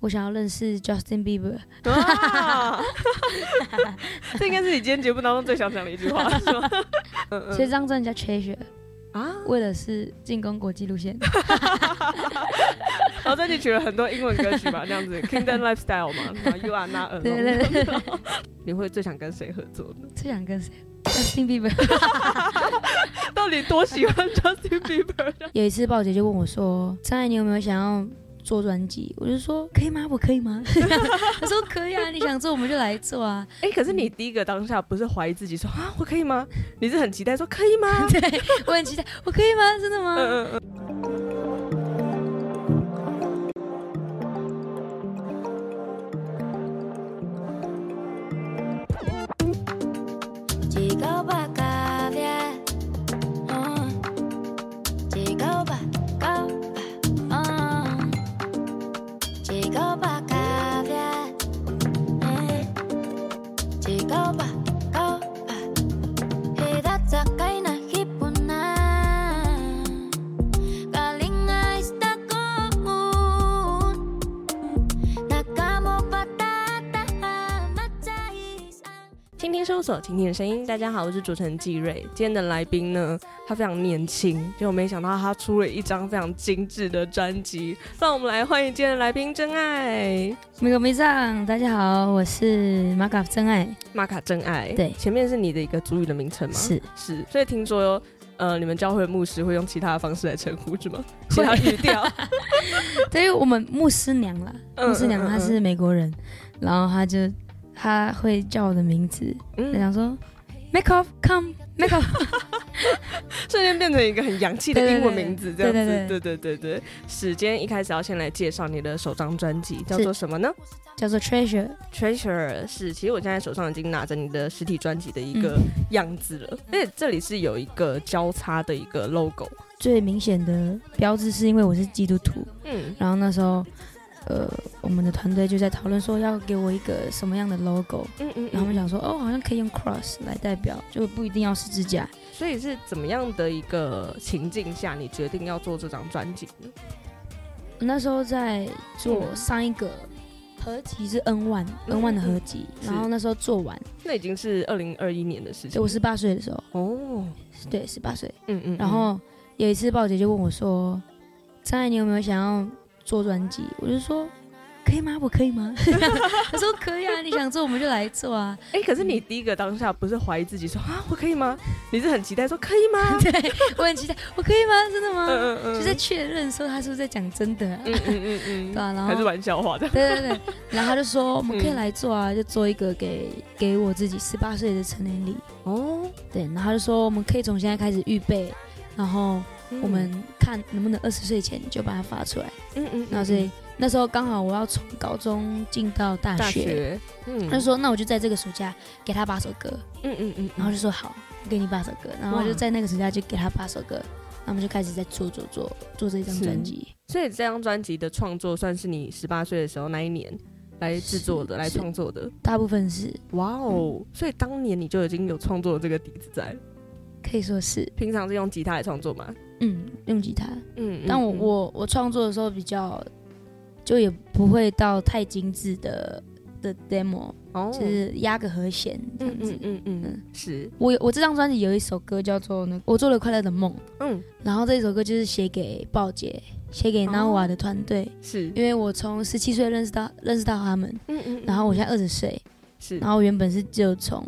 我想要認識 Justin Bieber。這應該是你今天節目當中最想講的一句話，是嗎？所以這張專輯叫 Treasure 啊，為了是進攻國際路線。然後你取了很多英文歌曲嘛，這樣子 Kingdom Lifestyle 嘛，然後 You are not alone。對對對。你會最想跟誰合作？最想跟誰？Justin Bieber。到底多喜歡 Justin Bieber？有一次，爆姐就問我說：“真愛，你有沒有想要？”做專輯，我就說，可以嗎？我可以嗎？他 說，可以啊， 你想做我們就來做啊。哎、欸，可是你第一個當下不是懷疑自己說、嗯、啊，我可以嗎？你是很期待說可以嗎？ 對，我很期待， 我可以嗎？真的嗎？嗯嗯嗯青聽事務所，傾聽你的聲音。大家好，我是主持人紀瑞。今天的來賓呢，他非常年輕，就沒想到他出了一張非常精致的專輯。讓我們來歡迎今天的來賓，真愛。Mihumisang，大家好，我是 Makav 真愛。Makav 真愛，對，前面是你的一個族語的名稱嗎？是是。所以聽說，呃，你們教會的牧師會用其他的方式來稱呼是嗎？其他語調。會 對，為我們牧師娘啦，嗯嗯嗯嗯，牧師娘她是美國人，然後她就。他會叫我的名字，嗯，他想說，Makav come，Makav 瞬間變成一個很洋氣的英文名字，這樣子。對對對對對對史堅一開始要先來介紹你的首張專輯叫做什麼呢？叫做 Treasure，Treasure。Treasure, 是其實我現在手上已經拿着你的實體專輯的一個樣子了，嗯、而且這裡是有一個交叉的一個 logo。最明顯的標誌是因為我是基督徒，嗯，然後那時候。呃，我們的團隊就在討論說要給我一個什麼樣的 logo，嗯，嗯嗯，然後我們想說，哦，好像可以用 cross 來代表，就不一定要十字架。所以是怎麼樣的一個情境下，你決定要做這張專輯呢？那時候在做上一個合集做是 N1、嗯嗯、N1 的合集，是然後那時候做完，那已經是二零二一年的事情。我十八歲的時候，哦，對，十八歲，嗯，嗯嗯。然後有一次，爆姐就問我說：“真愛，你有沒有想要？”做專輯，我就說，可以嗎？我可以嗎？他 說可以啊，你想做 我們就來做啊。哎、欸，可是你第一個當下不是懷疑自己說啊，我可以嗎？你是很期待說可以嗎？ 對，我很期待，我可以嗎？真的嗎？嗯嗯，就在確認說他是不是在講真的、啊？嗯嗯嗯嗯， 對啊，然後還是玩笑話的， 對，對對對。然後他就說我們可以來做啊，嗯、就做一個給給我自己十八歲的成年禮。哦，對，然後他就說我們可以從現在開始預備，然後。我們看能不能二十歲前就把它發出來。嗯嗯。然後所以那時候剛好我要從高中進到大學。大學。嗯。他就說：“那我就在這個暑假給他八首歌。”嗯嗯嗯。然後就說：“好，我給你八首歌。”然後我就在那個暑假就給他八首歌。那我們就開始在做做做做這張專輯。所以這張專輯的創作算是你十八歲的時候那一年來制作的、來創作的。大部分是。哇哦！所以當年你就已經有創作的這個底子在。可以說是。平常是用吉他來創作嗎？嗯，用吉他。嗯，但我我我創作的時候比較，就也不會到太精緻的的 demo，就是壓個和絃這樣子。嗯嗯嗯嗯，是。我我這張專輯有一首歌叫做那《我做了快樂的夢》。嗯。然後這一首歌就是寫給爆姐，寫給 NaWa 的團隊。是。因為我從十七歲認識到認識到他們。嗯嗯。然後我現在二十歲。是。然後原本是就從。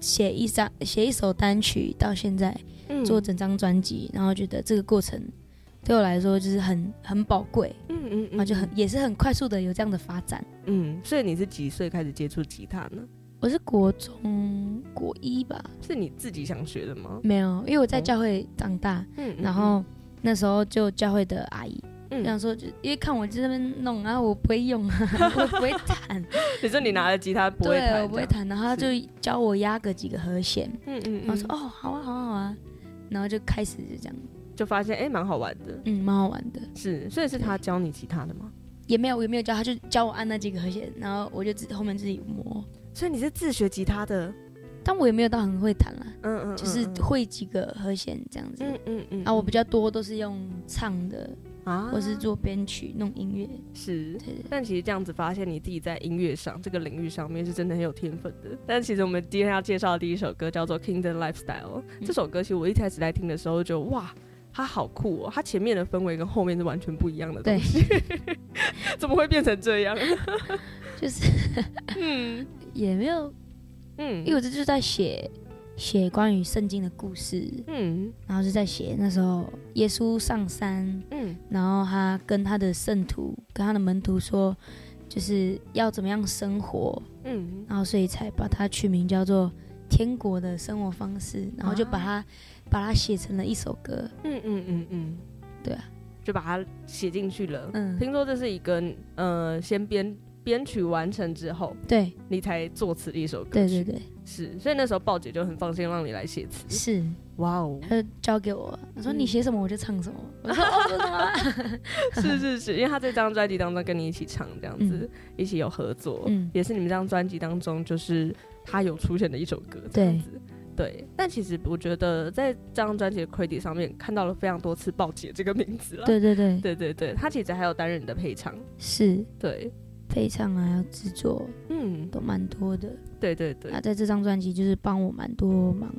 寫一張寫一首單曲到現在，做整張專輯，嗯、然後覺得這個過程對我來說就是很很寶貴，嗯，嗯嗯，就很也是很快速的有這樣的發展，嗯，所以你是幾歲開始接觸吉他呢？我是國中國一吧，是你自己想學的嗎？沒有，因為我在教會長大，哦、嗯，嗯，嗯，然後那時候就教會的阿姨。我想說，就因為看我在這邊弄，然後我不會用，我不會彈。你說你拿了吉他不會彈？對，我不會彈。然後他就教我壓個幾個和弦，嗯嗯。然後說哦，好啊，好啊，好啊。然後就開始就這樣，就發現哎，蠻好玩的，嗯，蠻好玩的。是，所以是他教你吉他的嗎？也沒有，我也沒有教他，就教我按那幾個和弦，然後我就自己後面自己摸。所以你是自學吉他的？但我也沒有到很會彈啊，嗯嗯，就是會幾個和弦這樣子，嗯嗯嗯。啊，我比較多都是用唱的。啊，我是做編曲弄音樂，是，對對對。但其實這樣子發現你自己在音樂上這個領域上面是真的很有天分的。但其實我們今天要介紹的第一首歌叫做《Kingdom Lifestyle》，嗯。這首歌其實我一開始在聽的時候就哇，它好酷哦，它前面的氛圍跟後面是完全不一樣的東西，對 怎麼會變成這樣？ 就是，嗯，也沒有，嗯，因為我這就是在寫。寫關於聖經的故事，嗯，然後是在寫那時候耶穌上山，嗯，然後他跟他的聖徒跟他的門徒說，就是要怎麼樣生活，嗯，然後所以才把它取名叫做天國的生活方式，嗯、然後就把它、啊、把它寫成了一首歌，嗯嗯嗯嗯，對啊，就把它寫進去了，嗯，聽說這是一個呃，先編編曲完成之後，對，你才作詞的一首歌，對對對。是，所以那時候爆姐就很放心讓你來寫詞，是，哇哦，她就交給我，她說你寫什麼我就唱什麼，我說哦，是是是，因為他在這張專輯當中跟你一起唱這樣子，一起有合作，嗯，也是你們這張專輯當中就是他有出現的一首歌，這樣子，對，但其實我覺得在這張專輯的 credit 上面看到了非常多次爆姐這個名字，對對對對對對，他其實還有擔任你的配唱，是對，配唱啊，還有制作，嗯，都蠻多的。對對對，那在這張專輯就是幫我蠻多忙，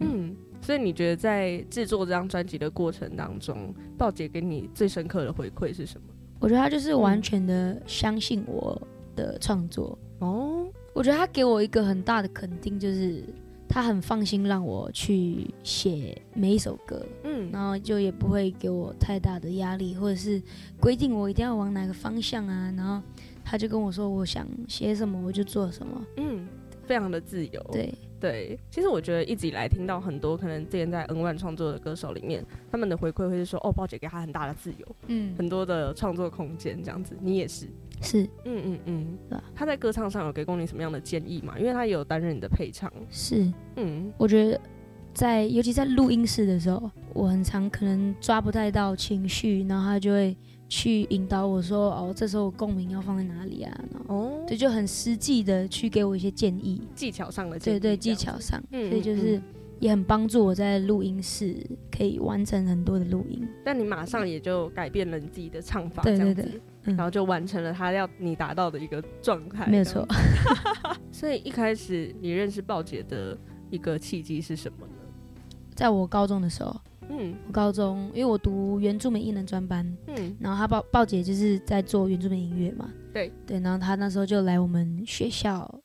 嗯，嗯，所以你覺得在制作這張專輯的過程當中，爆姐給你最深刻的回饋是什麼？我覺得他就是完全的相信我的創作、嗯、哦，我覺得他給我一個很大的肯定，就是他很放心讓我去寫每一首歌，嗯，然後就也不會給我太大的壓力，或者是規定我一定要往哪個方向啊，然後他就跟我說我想寫什麼我就做什麼，嗯。非常的自由，對對，其實我覺得一直以來聽到很多可能之前在 N o 創作的歌手裡面，他們的回饋會是說，哦，爆姐給他很大的自由，嗯，很多的創作空間這樣子，你也是，是，嗯嗯嗯，對他在歌唱上有給過你什麼樣的建議嗎？因為他也有擔任你的配唱，是，嗯，我覺得在尤其在錄音室的時候，我很常可能抓不太到情緒，然後他就會。去引導我說，哦，這時候共鳴要放在哪裡啊？哦，這就，就很實際的去給我一些建議，技巧上的建議。對，對對，技巧上，嗯、所以就是也很幫助我在錄音室可以完成很多的錄音。嗯、但你馬上也就改變了你自己的唱法這樣子，對對對，嗯、然後就完成了他要你達到的一個狀態。沒有錯。 所以一開始你認識爆姐的一個契機是什麼呢？在我高中的時候。嗯，我高中因為我讀原住民藝能專班，嗯，然後他爆爆姐就是在做原住民音樂嘛，對對，然後他那時候就來我們學校，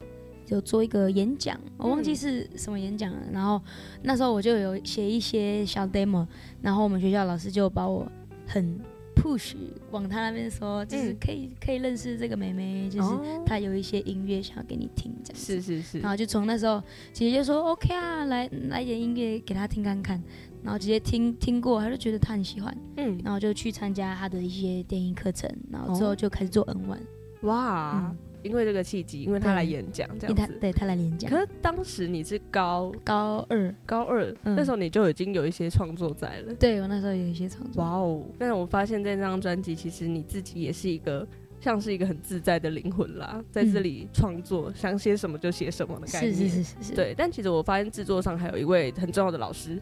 就做一個演講，嗯、我忘記是什麼演講了。然後那時候我就有寫一些小 demo，然後我們學校老師就把我很 push 往他那邊說，就是可以、嗯、可以認識這個妹妹，就是她有一些音樂想要給你聽，這樣是是是。然後就從那時候，姐姐就說 OK 啊，來來點音樂給他聽看看。然後直接聽聽過，他就覺得他很喜歡，嗯，然後就去參加他的一些電影課程，然後之後就開始做 N One。哇，因為這個契機，因為他來演講這樣子，對，他來演講。可是當時你是高高二，高二那時候你就已經有一些創作在了。對，我那時候有一些創作。哇哦！但是我發現，在這張專輯，其實你自己也是一個像是一個很自在的靈魂啦，在這裡創作，想寫什麼就寫什麼的概念。是是是是是。對，但其實我發現制作上還有一位很重要的老師。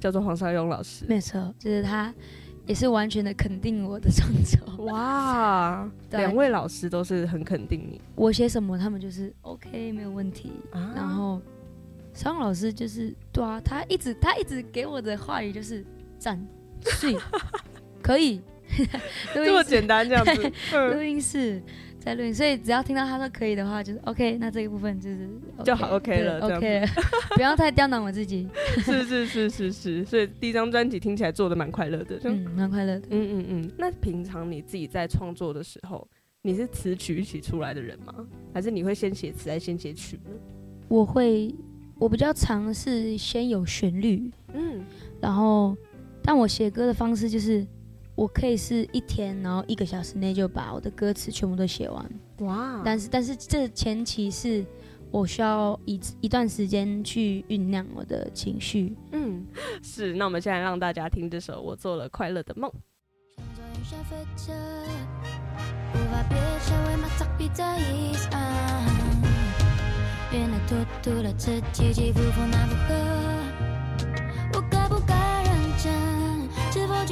叫做黃少雍老師，沒錯，就是他，也是完全的肯定我的創作。哇，兩 對位老師都是很肯定你，我寫什麼他們就是 OK，沒有問題。啊、然後，少雍老師就是對啊，他一直他一直給我的話語就是讚， 可以。 室這麼簡單這樣子，錄 音室在錄音，音，所以只要聽到他說可以的話，就是 OK，那這一部分就是 OK，就好對 OK 了對 OK，了樣 不要太刁難我自己。是是是是是，所以第一張專輯聽起來做得蠻快樂的， 嗯，蠻快樂的。嗯嗯嗯。那平常你自己在創作的時候，你是詞曲一起出來的人嗎？還是你會先寫詞，再先寫曲呢？我會，我比較常是先有旋律，嗯，然後，但我寫歌的方式就是。我可以是一天，然後一個小時內就把我的歌詞全部都寫完 Wow。哇！但是但是這前提是我需要一一段時間去醞釀我的情緒。嗯，是。那我們現在讓大家聽這首《我做了快樂的夢》嗯。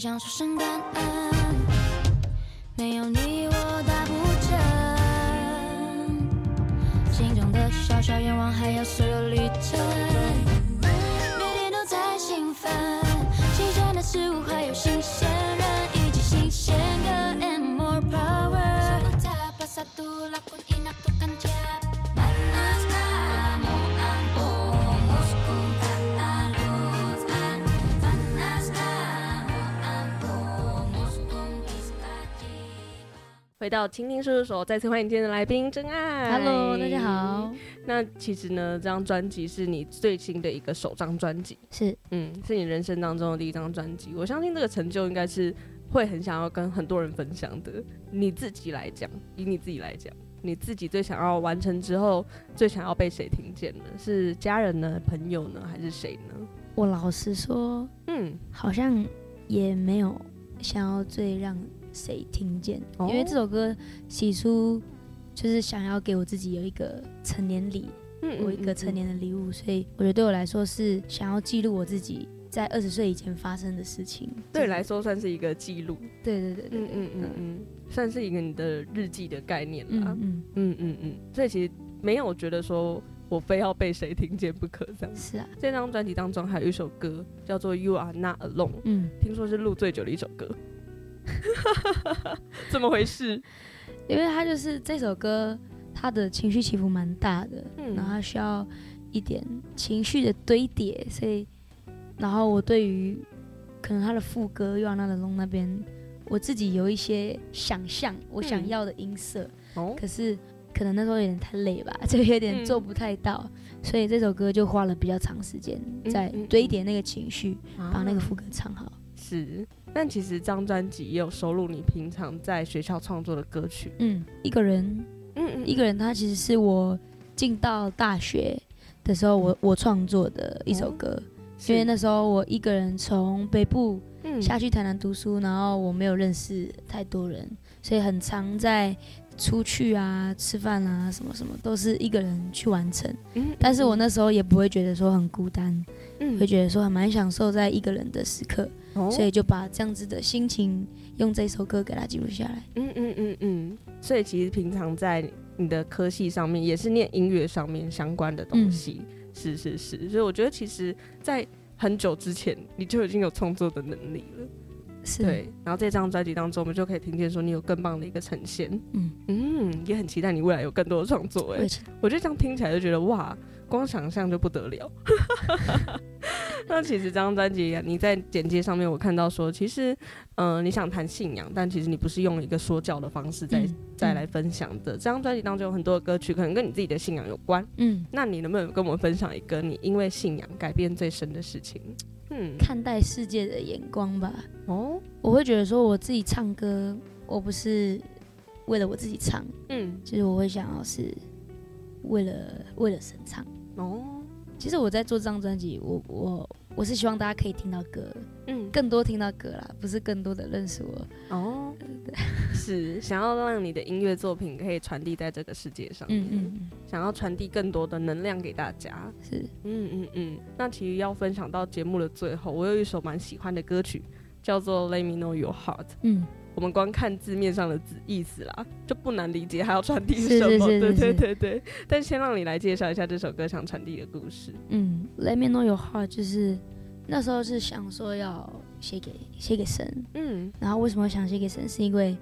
想說聲感恩，沒有你我達不成。心中的小小願望，還有所有旅程。每天都在興奮，新鮮的事物還有新鮮人，以及新鮮的 energy。And more power. 回到《青聽事務所》，再次歡迎今天的來賓，真愛。Hello，大家好。那其實呢，這張專輯是你最新的一個首張專輯，是，嗯，是你人生當中的第一張專輯。我相信這個成就應該是會很想要跟很多人分享的。你自己來講，以你自己來講，你自己最想要完成之後，最想要被誰聽見呢？是家人呢？朋友呢？還是誰呢？我老實說，嗯，好像也沒有想要最讓。誰聽見？因為這首歌起初就是想要給我自己有一個成年禮，我嗯嗯嗯嗯一個成年的禮物，所以我覺得對我來說是想要記錄我自己在二十歲以前發生的事情。就是、對你來說算是一個記錄，對，對對對，嗯嗯嗯嗯，嗯算是一個你的日記的概念啦。嗯嗯嗯嗯這、嗯嗯、所以其實沒有覺得說我非要被誰聽見不可，這樣。是啊。這張專輯當中還有一首歌叫做《You Are Not Alone》，嗯，聽說是錄最久的一首歌。哈， 怎麼回事？ 因為他就是這首歌，他的情緒起伏蠻大的，嗯、然後他需要一點情緒的堆疊，所以然後我對於可能他的副歌又要那個龍那邊，我自己有一些想象我想要的音色，嗯、可是可能那時候有點太累吧，就有點做不太到，嗯、所以這首歌就花了比較長時間在堆疊那個情緒，嗯嗯嗯把那個副歌唱好。是。但其實張專輯也有收錄你平常在學校創作的歌曲。嗯，一個人，嗯，嗯一個人，他其實是我進到大學的時候我，嗯、我我創作的一首歌。哦、因為那時候我一個人從北部下去台南讀書，嗯、然後我沒有認識太多人，所以很常在出去啊、吃飯啊、什麼什麼，都是一個人去完成。嗯嗯但是我那時候也不會覺得說很孤單，嗯、會覺得說還蠻享受在一個人的時刻。哦、所以就把這樣子的心情用這首歌給他記錄下來。嗯嗯嗯嗯。所以其實平常在你的科系上面也是念音樂上面相關的東西。嗯、是是是。所以我覺得其實，在很久之前你就已經有創作的能力了。是。對。然後這張專輯當中，我們就可以聽見說你有更棒的一個呈現。嗯。嗯，也很期待你未來有更多的創作、欸。哎。我覺得這樣聽起來就覺得哇，光想象就不得了。 那其實這張專輯啊，你在簡介上面我看到說，其實，嗯、呃，你想談信仰，但其實你不是用一個說教的方式再、嗯嗯、再來分享的。這張專輯當中有很多的歌曲，可能跟你自己的信仰有關。嗯，那你能不能跟我們分享一個你因為信仰改變最深的事情？嗯，看待世界的眼光吧。哦，我會覺得說，我自己唱歌，我不是為了我自己唱，嗯，其實我會想要是為了為了神唱。哦，其實我在做這張專輯，我我。我是希望大家可以聽到歌，嗯，更多聽到歌啦，不是更多的認識我哦，對，是想要讓你的音樂作品可以傳遞在這個世界上，嗯嗯嗯，想要傳遞更多的能量給大家，是，嗯嗯嗯。那其實要分享到節目的最後，我有一首蠻喜歡的歌曲，叫做《Let Me Know Your Heart》。嗯。我們光看字面上的字意思啦，就不難理解還要傳遞什麼，是是是是是，對對對對。但先讓你來介紹一下這首歌想傳遞的故事。嗯，Let me know your heart，就是那時候是想說要寫給寫給神。嗯，然後為什麼想寫給神？是因為。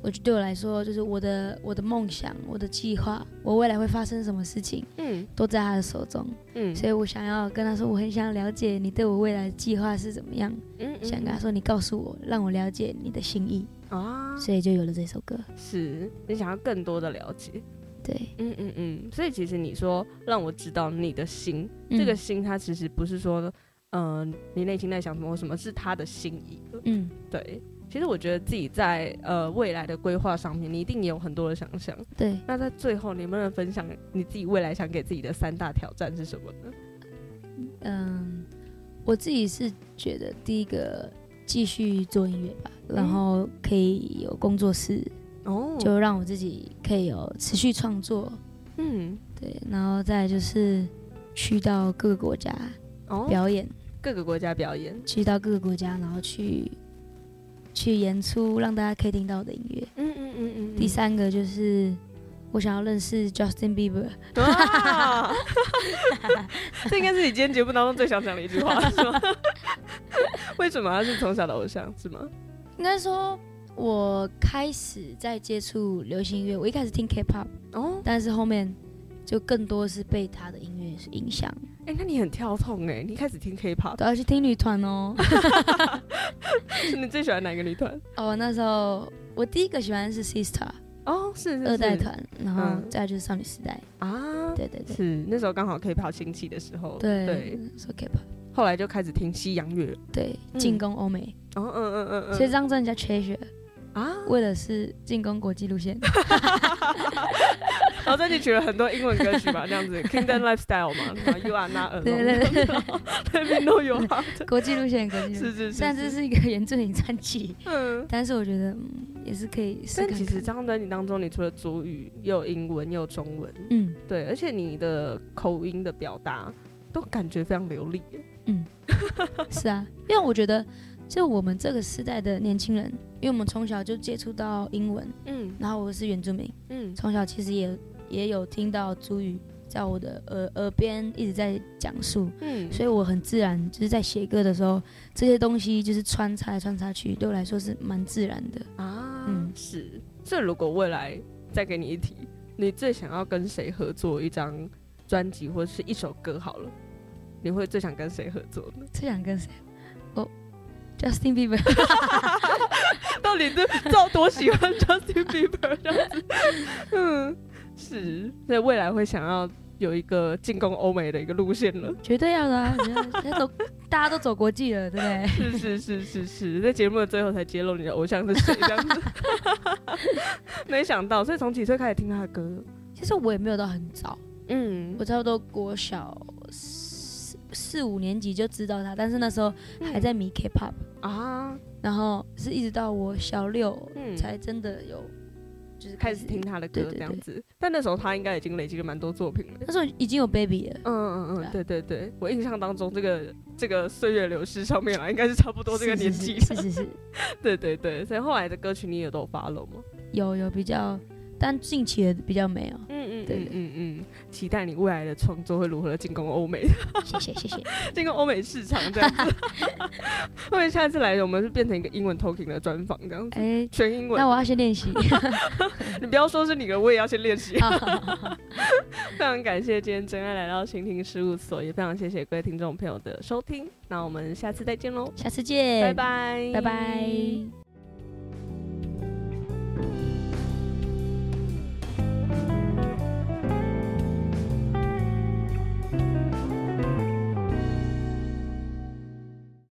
我就對我來說，就是我的我的夢想，我的計劃，我未來會發生什麼事情，嗯，都在他的手中，嗯，所以我想要跟他說，我很想了解你對我未來的計劃是怎麼樣，嗯，嗯，嗯，想跟他說，你告訴我，讓我了解你的心意，啊，所以就有了這首歌，是，你想要更多的了解，對，嗯嗯嗯，所以其實你說讓我知道你的心，嗯、這個心，它其實不是說，嗯、呃，你內心在想什麼，什麼是他的心意，嗯，對。其實我覺得自己在呃未來的規劃上面，你一定也有很多的想象。對。那在最後，你有沒有分享你自己未來想給自己的三大挑戰是什麼呢？嗯、呃，我自己是覺得第一個繼續做音樂吧，然後可以有工作室哦，嗯、就讓我自己可以有持續創作。嗯，對。然後再就是去到各個國家哦表演哦，各個國家表演，去到各個國家，然後去。去演出，讓大家可以聽到我的音樂。嗯。嗯嗯嗯嗯。嗯，第三個就是我想要認識 Justin Bieber。這應該是你今天節目當中最想講的一句話，是嗎？ 為什麼？他是從小的偶像，是嗎？應該說，我開始在接觸流行音樂，我一開始聽 K-pop，哦，但是後面。就更多是被他的音樂是影響，哎、欸，那你很跳痛哎、欸，你開始聽 K-pop 都要去聽女團哦。 你最喜歡哪個女團？哦，oh, 那時候我第一個喜歡是 Sistar 哦，是二代團，然後再就是少女時代啊，對對對，是那時候剛好 K-pop 興起的時候，對，說對 K-pop 後來就開始聽西洋樂，對，進、嗯、攻歐美，哦嗯嗯嗯嗯，其實這樣真的叫 Treasure。為的是進攻國際路線，然後專輯取了很多英文歌曲嘛，這樣子，Kingdom Lifestyle 嘛，然後 You Are Not Alone，對對對，裡面都有啊，國際路線歌曲，是是是，雖然這是一個原住民專輯，嗯，但是我覺得也是可以，但其實這張專輯當中，你除了族語，又英文，又中文，嗯，對，而且你的口音的表達都感覺非常流利，嗯，是啊，因為我覺得。就我們這個時代的年輕人，因為我們從小就接觸到英文，嗯，然後我是原住民，嗯，從小其實也也有聽到族語在我的耳耳邊一直在講述，嗯，所以我很自然就是在寫歌的時候，這些東西就是穿插來穿插去，對我來說是蠻自然的啊。嗯，是。這如果未來再給你一題，你最想要跟誰合作一張專輯或者是一首歌好了？你會最想跟誰合作呢？最想跟誰？我、oh,。Justin Bieber， 到底是有多喜歡 Justin Bieber 這樣子？嗯，是，所以未來會想要有一個進攻歐美的一個路線了，絕對要的啊！那都 大、大家都走國際了，對不對？是是是是是，在節目的最後才揭露你的偶像是誰，這樣子。 沒想到，所以從幾歲開始聽他的歌？其實我也沒有到很早，嗯，我差不多國小。四五年級就知道他，但是那時候還在迷 K-pop、嗯、啊，然後是一直到我小六才真的有，就是開始，開始聽他的歌這樣子。對對對，但那時候他應該已經累積了蠻多作品了。那時候已經有 Baby 了。嗯嗯嗯，對，吧對對對，我印象當中這個這個歲月流逝上面啊，應該是差不多這個年紀。是是，是 對對對，所以後來的歌曲你也都有 follow 嗎？有，有比較。但近期也比較美哦，嗯嗯，對，嗯嗯，期待你未來的創作會如何進攻歐美。謝謝謝謝，進攻歐美市場這樣子。後面下次來，我們是變成一個英文 talking 的專訪這樣子，全英文。那我要先練習，你不要說是你的，我也要先練習。非常感謝今天真愛來到青聽事務所，也非常謝謝各位聽眾朋友的收聽，那我們下次再見嘍，下次見，拜拜，拜拜。